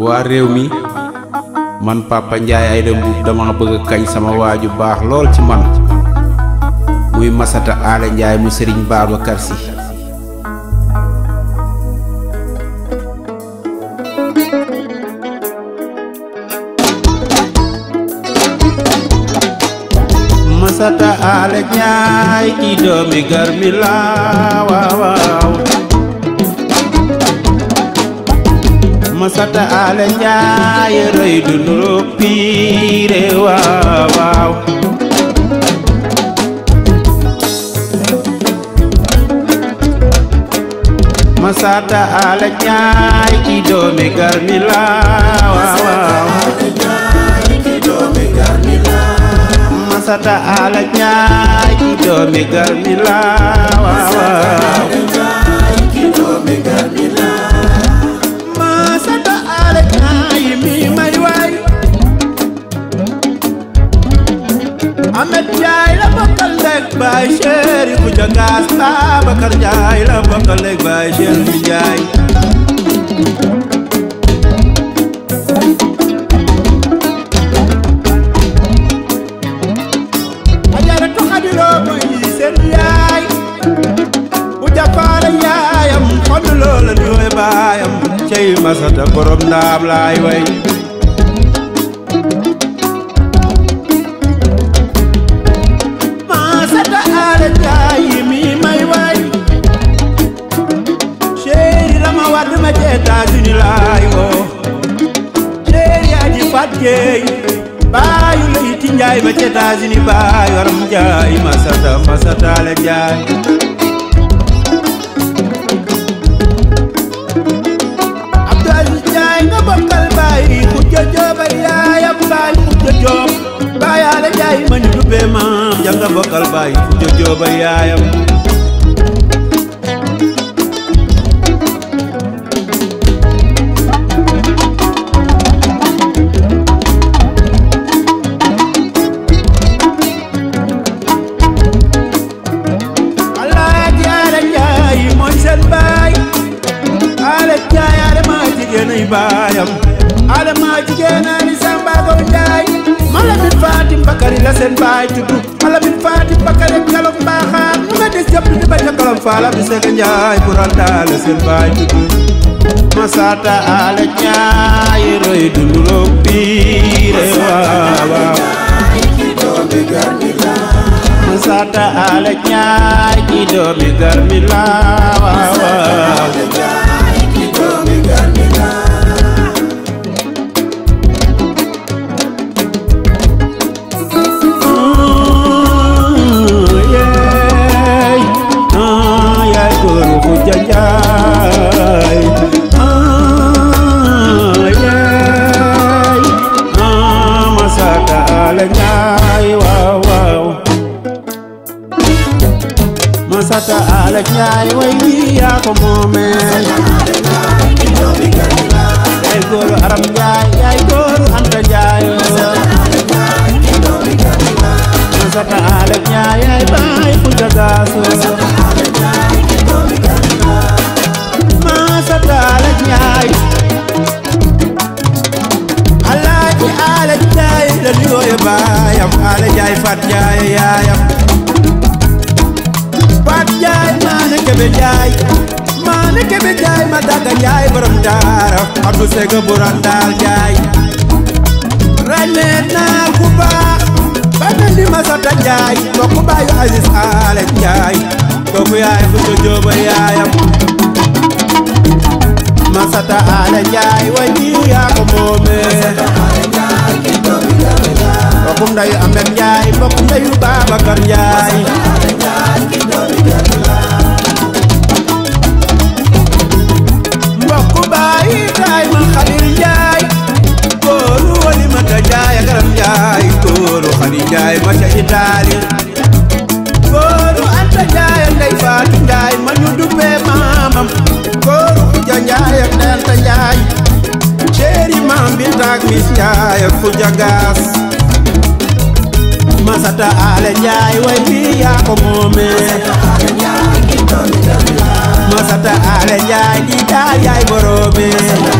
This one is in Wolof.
wa rewmi man papa njaay ay dem dama bëgg kañ sama waju baax lol ci man muy masata ala njaay mu serigne babacar si masata ala njaay ki mi garmi wa wa Masata Ala Njaay rëy du nuroog piire waaw waaw Masata Ala Njaay ki doomi garmi la waaw waaw Masata Ala Njaay ki doomi garmi la waaw waaw baay chéri bu jangaas Babacar Njaay la bokkal léeg baay chéri bi Njaay ajaratu xadiloo mooy seen yaay bu jàppaale yaayam xoduloo la ñooy baayam cey masata borom ndaam laay way jaare taay yi rama wadd ma ci États-Unis laay woo chéri aji fat jeey baayu la iti njaay ma ci États-Unis baay waram njaay masata masata la jaay bokkal baay fu jojooba yaayam baayam Adama jigéen la seen baay tudd Alamin Faati Bakare Kalom Mbaaxaan mu des jàpp di bañ a kolom faala bi Seck Njaay bu ranta la baay Masata Ala Njaay roy dundu loo Masata Ala Njaay ki garmi Njaay way wi yaa ko moomeel yaay góoru Aram Njaay yaay góoru Anta Njaay Masata Ale Njaay yaay baay ku jagaaso Masata Ale Njaay Alaaji Ale Njaay la nuyoo baayam Ale Njaay fat Njaay yaayam kebe jaay maa ne kebe jaay ma dagga jaay borom daara abdu sega burandaal jaay ràññee naa ku baax ba mel ni ma sata jaay bokku baayu Aziz Ale jaay kooku yaay futu jooba yaayam ma sata Ale jaay way nii yaa ko moomee bokkum ndayu Amet jaay bokkum ndayu Babacar jaay ndeel ta njaay céeri maam bi taak mis njaay fu jagaas masata ale njaay way fi yaa ko moomee masata ale njaay di daal yaay boroomee